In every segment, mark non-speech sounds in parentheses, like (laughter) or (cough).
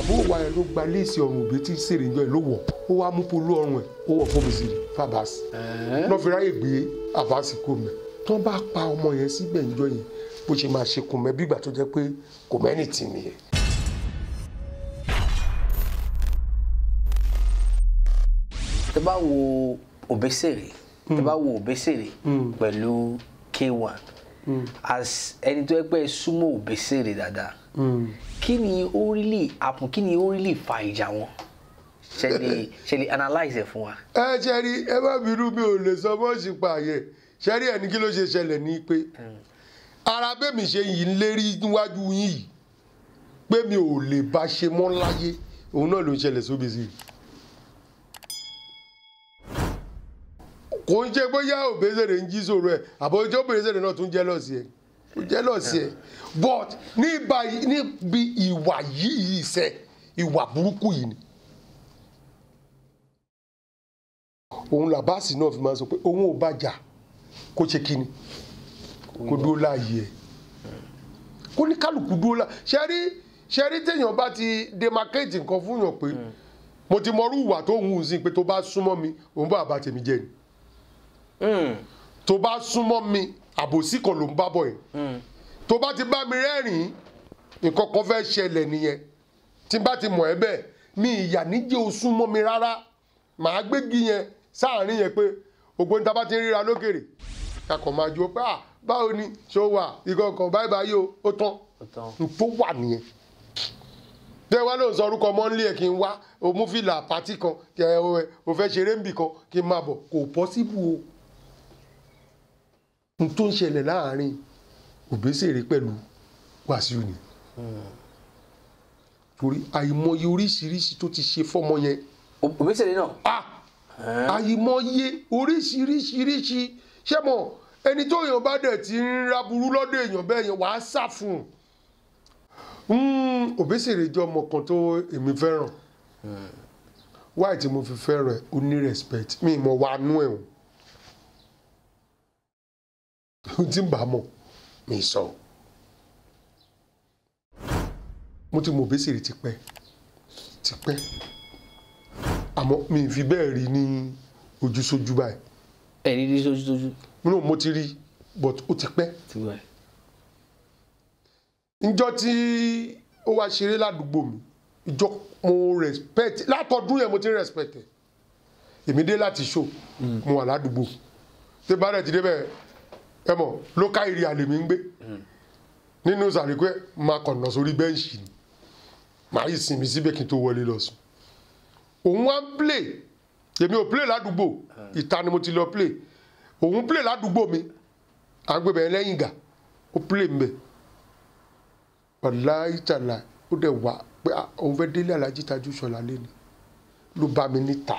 àbó wa ẹ ló gba léèsì ọrùn òbí tí sèrè ń jọ ẹ ló wọ ó wá mú polú ọrùn ẹ ó wọ fún bìsìrì fàbàsì lọ́fíráyè gbé àbàsì kò mẹ́ tó bá pa ọmọ yẹn síbẹ̀ ń yẹn bó ṣe máa ṣe kùmẹ́ bí ìgbà tó jẹ́ pé kò mẹ́ni tì nìyẹn. tẹ bá wo Obesere tẹ bá wo Obesere hmm. hmm. pẹ̀lú K1 hmm. as ẹni tó yẹ pé súnmọ́ Obesere dáadáa kí ni ó really happen kí ni ó really fa ìjà wọn ṣe lè ṣe lè analyse ẹ fún wa. ẹ ṣe rí ẹ má bínú mi ò lè sọ bọ́ọ̀sì pààyè ṣe rí ẹni kí ló ṣe ṣẹlẹ̀ ní pé hmm. ara bẹ́mi ṣe yìí ń lérí níwájú yín yìí pé mi ò lè bá ṣe mọ́ láyé òun náà ló ń ṣẹlẹ̀ sóbi sí i. kò ń ṣe bóyá òbèzèrè ń jí sòrò ẹ àbójọ́ òbèzèrè náà tún jẹ́ lọ́sí ẹ̀ jealousy ẹ but níbi ìwà yìí ṣe ìwà burúkú yìí ni òun làbáàsì náà fi máa sọ pé òun ò bàjà kó ṣe kíni kó dúró láàyè ẹ kó ní kálukú dúró láàyè ṣe rí ṣe rí téèyàn bá ti demarcate nǹkan fún yàn pé hmm. mo ti mọrú ìwà tó ń hùn sí pé tó bá súnmọ́ mi òun bá àbá tèmi jẹ ni hmm. tó bá súnmọ́ mi àbòsí kan ló ń bá bọ̀ yìí hmm. tó bá ti bá mi rẹ́rìn-ín nǹkan kan fẹ́ ṣẹlẹ̀ nìyẹn tí bá ti mọ̀ ẹ́ bẹ́ẹ̀ mi ìyà níjẹ́ o sún mọ́ mi rárá màá gbégi yẹn sáàrin yẹn pé ògbóni tá bá ti ríra lókèrè kakọ̀ máa ju pé ah, báwo ni ṣó wà ìkọ̀kọ̀ báyìí báyìí o ó tán n tó wà nìyẹn tẹ́ wá lóun sọ orúkọ ọmọ nílé ẹ̀ kí n wá o mú fìlà pàtí kan kí ẹ o fẹ́ ṣeré ń bì kan kí n máa bọ̀ kò pọ́síbù o n tó ń ṣẹlẹ̀ láàrin Òbésèré pẹ̀lú Wàsíù ni torí àìmọye oríṣiríṣi tó ti ṣe fọ́mọ yẹn. Òbésèré náà. àìmọye oríṣiríṣiríṣi ṣé mọ ẹni tó yàn bá dẹ̀ ti ń raburú lọ́dọ̀ èèyàn bẹ́ẹ̀ yẹn wàá sá fún un Òbésèré hmm, jọ ọmọ kan tó èmi fẹ́ràn wáyé mo fi fẹ́ràn ẹ ó ní respect mi ìmọ̀ wa nú ẹ̀ o tí ń bá mọ̀ mi sọ. mo ti mọ Obesere tipẹ́ tipẹ́ àmọ́ mi fi bẹ́ẹ̀ rí ní ojú sójú báyìí. ẹ rí rí sójú sójú. no mo ti rí but ó ti pẹ́. njọ́ tí ó wá ṣeré ládùúgbò mi ìjọ mo respect látọdún yẹn mo ti ń respect ẹ̀ èmi dé láti show hmm. mo wà ládùúgbò tí bá rẹ̀ ti débẹ̀ ẹ mọ̀ local area lèmi ń gbé nínú sàríkú máa kàn lọ sórí bẹ́ǹṣì ni màá yìí sinmi síbẹ̀ kí n tó wọlé lọ sùn òun wá ń play èmi ò play ládùúgbò ìta ni mo ti lọ play òun play ládùúgbò mi àgbẹ̀bẹ̀ lẹ́yìn gà ó play mbẹ wàlá ìtàlà ó dẹ̀ wá pé òun fẹ́ délé alájí tajú sọ̀lá lẹ́nu ló bá mi níta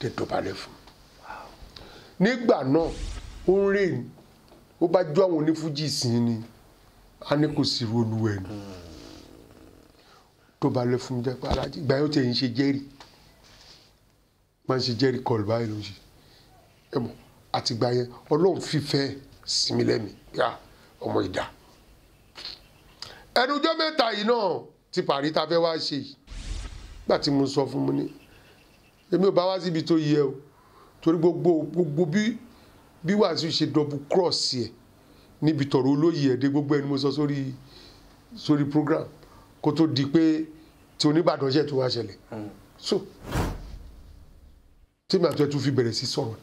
dẹ̀ dọ̀bálẹ̀ fún un nígbà náà ó ń rìn ó bá jó àwọn onífújì sí ni a ní kò sí ronú ẹ̀ nù tó bá lọ fún mi jẹ́ pé alájí ìgbà yóò tẹ̀ ń ṣe jẹ́rìí máa ń ṣe jẹ́rìí kọlù báyìí ló ń ṣe ẹ mọ̀ àtìgbà yẹn ọlọ́run fífẹ́ sinmi lẹ́mìí yá ah, ọmọ ìdá ẹnujọ́ mẹ́ta yìí náà ti parí ta fẹ́ wá ṣe yìí tí mo sọ fún mi ní èmi ò bá wá síbi tó yẹ o torí gbogbo gbogbo bí bí Wàsíù ṣe double cross yẹ níbi tọ̀rọ̀ olóyè ẹ̀dẹ́ gbogbo ẹni mo sọ sórí sórí program kó tó di pé tí Oníbàdàn ṣẹ̀ tó wá ṣẹlẹ̀ so tí màá tó ẹ tún fi bẹ̀rẹ̀ sí sọ̀rọ̀.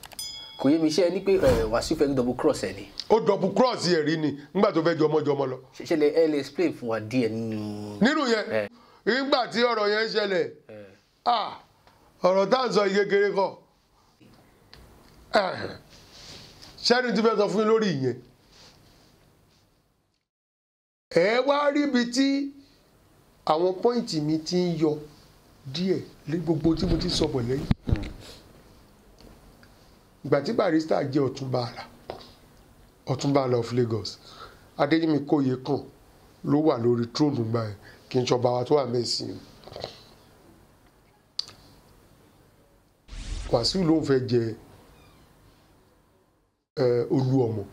kò yé mi ṣe é ní pé Wàsíù fẹ́ double cross ẹ̀ ni. ó double cross yẹ rí ni nígbà tó fẹ́ jọmọjọmọ lọ. ṣẹlẹ̀ ẹ lè explain fún wa díẹ̀ nínú. nínú yẹn nígbà tí ọ̀rọ̀ yẹn ṣẹlẹ̀ ah, ọ̀rọ̀ tá à ń sọ ìgegere kọ ṣẹ́ni tí fẹ́ sọ fún yín lórí ìyẹn ẹ wá ríbi tí àwọn pọ́ìntì mi ti ń yọ díẹ̀ lé gbogbo tí mo ti sọ bọ̀ lẹ́yìn ìgbà tí Barrister jẹ́ ọ̀túnba àlà ọ̀túnba àlà of Lagos Adéyẹmí Kóyèkán ló wà lórí tróònù gbà yẹn kì í ṣọba wa tó wà mẹ́sìn o. Wàsíù ló ń fẹ́ jẹ Eh, olú ọmọ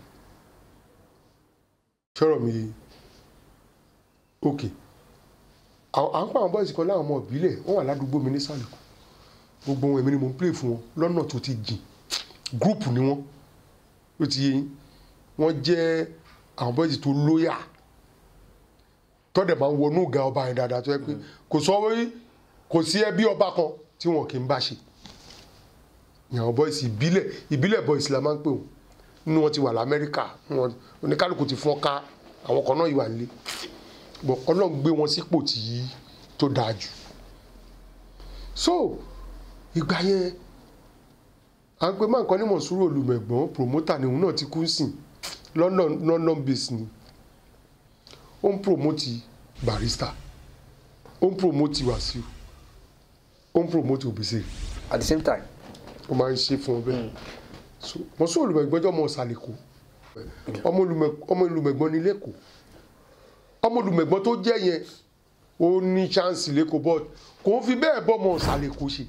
ṣọ́rọ̀ mi òkè à ń pa àwọn bọ́ọ̀sì kan láwọn ọmọ ìbílẹ̀ wọ́n wà ládùúgbò mi ní sàlẹ̀kù gbogbo wọn èmi ni mo ń play fún wọn lọ́nà tó ti jìn gúrùpù ni wọ́n ó ti yé yín wọ́n jẹ́ àwọn bọ́ọ̀sì tó lóyà tọ́dẹ̀ máa ń wọnú ga ọba yẹn dáadáa tó yẹ pé mm. kò sọ wí kò sí ẹbí ọba kan tí wọn kì í bá ṣe ìyàwó bọ́ọ̀sì ìbílẹ̀ ìbílẹ̀ bọ́ọ̀sì la máa ń pè wọ́n inú wọn ti wà lamẹ́ríkà wọn oníkálukú ti fọ́n ká àwọn kan náà ìwà nílé bọ̀ ọlọ́run gbé wọn sípò tí tó dáa jù so ìgbà yẹn à ń pe máa ń kọ́ ní mọ̀súrò olùmẹ̀gbọ́n promoter ni òun náà ti kú sìn london london base ni ó ń promote barista ó ń promote wàsíù ó ń promote òbèsè. at the same time. ó máa ń ṣe fún ọ bẹ́ẹ̀. Mm mọ sí olùmẹ̀gbọ́n jọ mọ ọsàlẹkọ ọmọ olùmẹ̀gbọ́n ní lẹkọọ ọmọ olùmẹ̀gbọ́n tó jẹ yẹn ó ní chance lẹkọọ bọọdù kò ń fi bẹ́ẹ̀ bọ ọmọ ọsàlẹkọ ṣe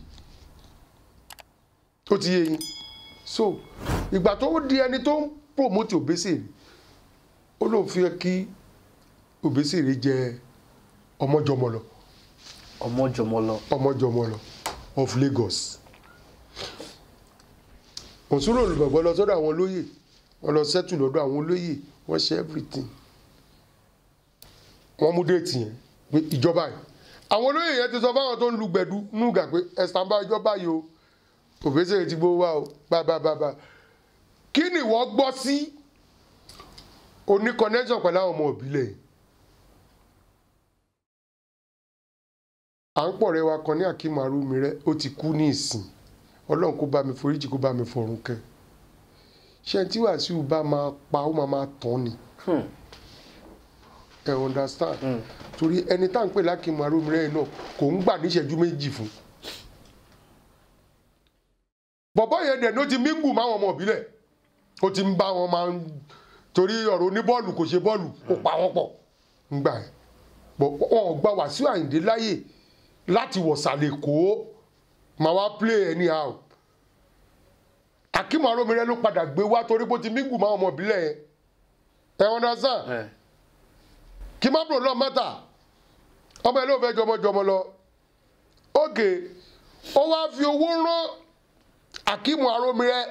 tó ti yé yín so ìgbà tó di ẹni tó ń promote Obesere ó lóun fi kí Obesere jẹ ọmọjọmọlọ ọmọjọmọlọ ọmọjọmọlọ of Lagos kò súrò olùgbàgbọ́ lọ sọ́dọ̀ àwọn olóyè wọ́n lọ sẹ́tù lọ́dọ̀ àwọn olóyè wọ́n ṣe everything wọ́n mú déètì yẹn pé ìjọba yìí àwọn olóyè yẹn ti sọ fáwọn tó ń lu gbẹ̀dú nùgà pé ẹ̀sán bá ìjọba yìí o òfésè ti gbowó wa o bàbàbàbà kí ni wọ́n gbọ́ sí oní connection pẹ̀lú àwọn ọmọ ìbílẹ̀ yìí à ń pọ̀ rẹwà kan ní Akeem Arumire ó ti kú ní ìsìn ọlọ́run kó bá mi foríjì kó bá mi fọ̀run kẹ́ ṣe tí Wàsíù bá máa pa ó máa máa tán ni hmm. ẹ understand hmm. torí ẹni tá à ń pè lákìmọ arómirẹ́ náà kò ń gbà níṣẹ́jú méjì fún bọ̀bọ́ yẹn dẹ̀ ló ti mingu máwọn ọmọ ìbílẹ̀ ó ti ń bá wọn máa ń torí ọ̀rọ̀ oníbọ́ọ̀lù kò ṣe bọ́ọ̀lù kò pa wọ́n pọ̀ ń gbà ẹ̀ bọ̀ wọn ò gba Wàsíù Àyìndé láyè láti wọ̀sàlẹ̀ kó màá wá play anyhow Akeem Aromire ló padà gbé wá torí bó ti mingu máa ọmọ ìbílẹ̀ yẹn ẹ understand kí má bro lọ mọ́tà ọmọ ẹ ló fẹ́ jọmọjọmọ lọ òkè ó wá fi owó rán Akeem Aromire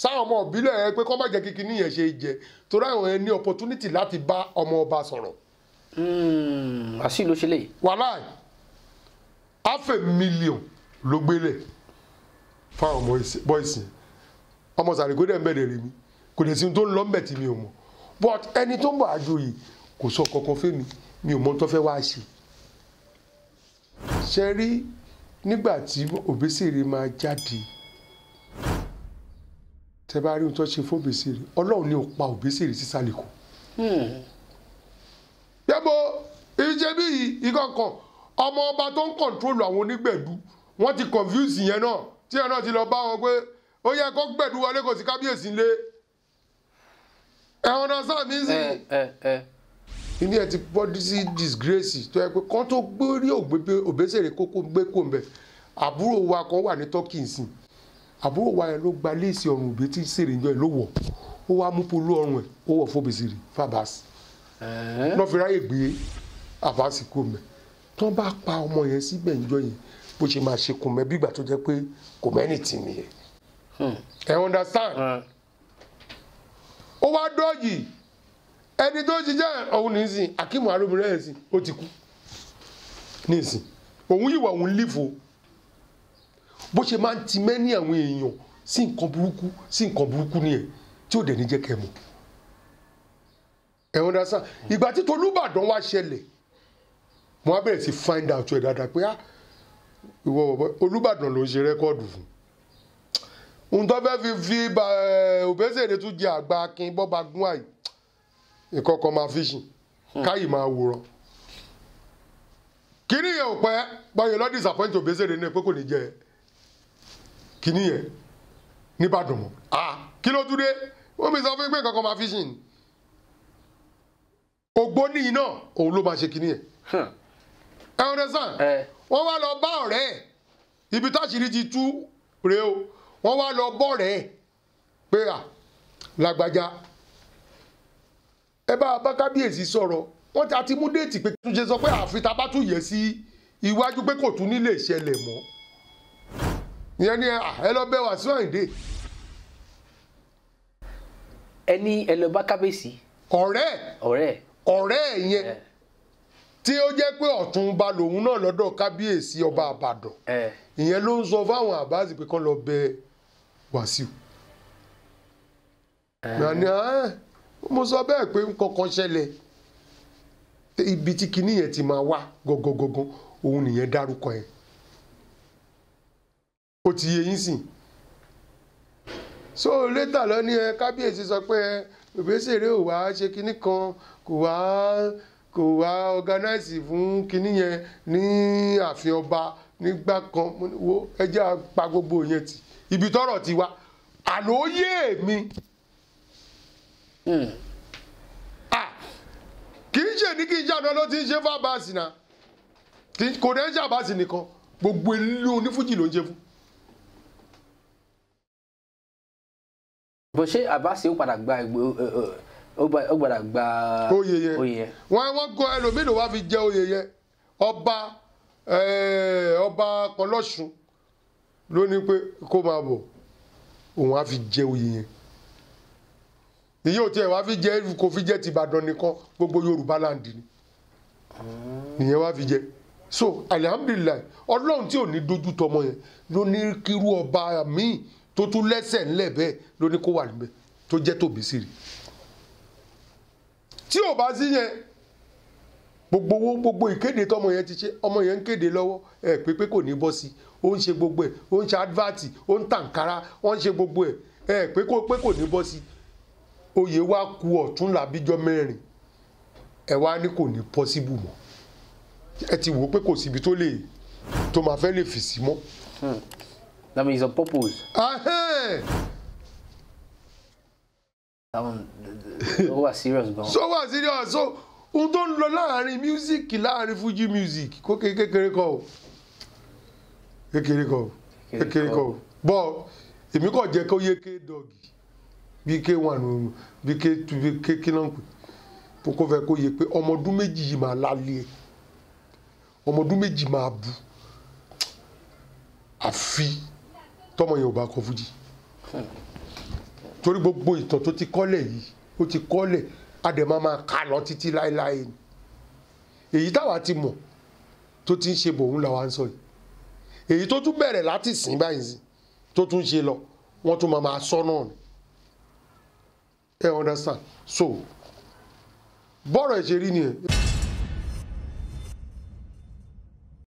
sáwọn ọmọ ìbílẹ̀ yẹn pé kọ́ má jẹ́ kíkí níyẹn ṣe jẹ torí àwọn ẹni opportunity láti bá ọmọ ọba sọ̀rọ̀. Hmm, àṣì ló ṣe lè. wàhálà half a million ló gbélẹ̀ fáwọn ọmọ bọ́ìsì ọmọ sàrìkó dẹ̀ ń bẹ̀rẹ̀ rẹ̀ mi kò dẹ̀ sí tó ń lọ ń bẹ̀ tí mi ò mọ̀ but ẹni tó ń bọ̀ àjò yìí kò sọ kankan fún mi mi ò mọ tó fẹ́ wáá ṣe ṣe rí nígbà tí Òbésèré máa jáde tẹ bá rí ohun tó ṣe fún Òbésèré Ọlọ́run ni ò pa Òbésèré sí Sàlíkò. Hmm. yẹ́bọ̀ ìṣe bí ìkọ̀kọ̀ ọmọ ọba tó ń kọ̀ntrólù àwọn onígbẹ̀dú wọ́n ti confuse yẹn náà tí yẹn náà ti lọ bá wọn pé ó yẹ kó gbẹ̀dú wọlé kò sí kábíyèsí lé ẹ̀wọ̀n náà sáà mí sí. Eh, eh, eh. inú ẹ ti bọ́dí sí disgrace tó yẹ pé kán tó gbé rí òbésèrè kókó gbé kò ń bẹ̀ àbúrò wa kan wà ní turkey nsìn àbúrò wa yẹn ló gba léèsì ọrùn òbí tí sèrè ń jọ yẹn ló wọ̀ ó wá mú polú ọrùn ẹ̀ ó wọ̀ fóbèsèrè fábàásì lọ́ọ́ fi ráyè gbé àbáṣe kò mẹ́ tán bá pa ọmọ yẹn síbẹ̀ ń jọ yẹn bó ṣe máa ṣe kùmẹ́ bígbà tó jẹ́ pé kò mẹ́ni tì nìyẹn hmm. ẹ understand hmm. ó wá dọ́ọ̀jì ẹni tó ṣiṣẹ́ ọ̀hún nìsín Akeem Aromire ẹ̀sìn ó ti kú nìsín òun yìí wà òun lífo bó ṣe máa ń ti mẹ́ni àwọn èèyàn sí nǹkan burúkú sí nǹkan burúkú nìyẹn tí ò dẹ̀ ní jẹ́ kẹ́ mọ̀ ẹ understand hmm. ìgbà tí Tolúbàdàn wá ṣẹlẹ̀ mo wá bẹ̀rẹ̀ sí find out ẹ̀ dáadáa pé ah ìwọ bọ̀bọ̀ Olúbàdàn ló ń ṣe rẹ́kọ́ọ̀dù fún un tó fẹ́ẹ́ fi fi eh, Obesere tún jẹ àgbà akin bọ́ba gún àyè ìkọ̀kọ̀ máa fíṣìn hmm. káyì máa wòran kíní yẹn ò pẹ́ báyọ̀ lọ́ disappoint Obesere náà pé kò ní jẹ kíní yẹn nìbàdàn mọ́ kí ló dúdé wọ́n mi sọ fún pé ìkọ̀kọ̀ máa fíṣìn ògbóni náà òun ló máa ṣe kíní yẹn hmm. ẹ ọ̀rẹ́ sàn wọ́n wá lọ bá ọ̀rẹ́ ẹ̀ ibi táṣìírí ti tú rèé o wọ́n wá lọ bọ̀rẹ́ ẹ̀ pé à lágbájá ẹ bá bá kábíyèsí sọ̀rọ̀ wọ́n ti àti mú déètì pé túnṣe sọ pé àfi ta bá tún yẹ sí iwájú pé kò tún nílé ìṣẹ̀lẹ̀ mọ́ ìyẹn ni ẹ lọ bẹ̀ Wasiu Ayinde. ẹni ẹ lọ bá kábíyèsí. ọ̀rẹ́ ọ̀rẹ́ ọ̀rẹ́ yẹn. Yeah tí ó jẹ́ pé ọ̀túnba lòun náà lọ́dọ̀ kábíyèsí ọba àbàdàn ìyẹn ló ń sọ fáwọn àbáàsì pé kán lọ bẹ wàsíù. nàní mo sọ bẹ́ẹ̀ pé nǹkankan ṣẹlẹ̀ ibi tí kinní yẹn ti máa wá gọgọgọgọ òun nìyẹn dárúkọ yẹn ó ti yé yín sìn so later lọ ní ẹ kábíyèsí sọ pé ẹ ìgbésẹ̀ rẹ ò wá ṣe kinní kan kò wá. kò wá ọ̀gánáìsì fún kinní yẹn ní ààfin ọba nígbà kan wo ẹjẹ́ apá gbogbo yẹn tì ibi tọ́rọ̀ ti wá àlóyè mi hmm. kì í ṣe ní kí n jáde ló ti ń ṣe fún abasi náà kò dẹ́ ń ṣe abasi nìkan gbogbo ilé onífújì ló ń ṣe fún. bó ṣe abasi ó padà gba ó gbàdá gba oyè yẹn wọ́n wọ́n kó ẹlòmíì ló wá fi jẹ oyè yẹn ọba eh, ọba kọlọ́sùn ló ní pé kó máa bọ̀ òun á fi jẹ oyè yẹn èyí ò tiẹ̀ wá fi jẹ kò fi jẹ tìbàdàn nìkan gbogbo yorùbá láǹdì ni nìyẹn wá fi jẹ so alihamudulilayi ọlọ́run tí ò ní dojú tọmọ yẹn ló ní kírú ọba míì tó tún lẹ́sẹ̀ ńlẹ̀ bẹ́ẹ̀ ló ní kó wà níbẹ̀ tó jẹ́ tòbí sí rí tí ò bá sí yẹn gbogbo owó gbogbo ìkéde tọmọ yẹn ti ṣe ọmọ yẹn ń kéde lọ́wọ́ ẹ pé pé kò ní bọ́ sí ó ń ṣe gbogbo ẹ̀ ó ń ṣe advati ó ń tànkárá ó ń ṣe gbogbo ẹ̀ ẹ pé kó pé kò ní bọ́ sí oyè wa ku ọ̀tún làbíjọ́ mẹ́rin ẹ wá ní kò ní pọ́síbù mọ́ ẹ ti wò ó pé kò síbi tó lè tó máa fẹ́ lè fèsì mọ́. Hmm. that means on purpose táwọn ó wà serious so wà serious so ohun tó ń lọ láàrin music láàrin fuji music kó kékeré kọ o kékeré kọ o kékeré kọ o bọ èmi kò jẹ́ kó yé ké dọ̀gì bí ké wà nù bí ké tu bí ké kí náà pè tó kó fẹ́ kó yé pé ọmọ ọdún méjì yìí máa lálé ọmọ ọdún méjì máa bu àfi tọmọ yẹn ò bá kọ fuji. Hmm. (laughs) torí gbogbo ìtàn tó ti kọ́lẹ̀ yìí ó ti kọ́lẹ̀ àdèmá máa kà lọ títí láéláé ni èyí táwa ti mọ̀ tó ti ń ṣe bòun làwa ń sọ yìí èyí tó tún bẹ̀rẹ̀ láti sìn báyìí sí tó tún ṣe lọ wọ́n tún máa sọ náà ni ẹ understand so bọ́ọ̀rọ̀ ẹ̀ ṣe rí nìyẹn.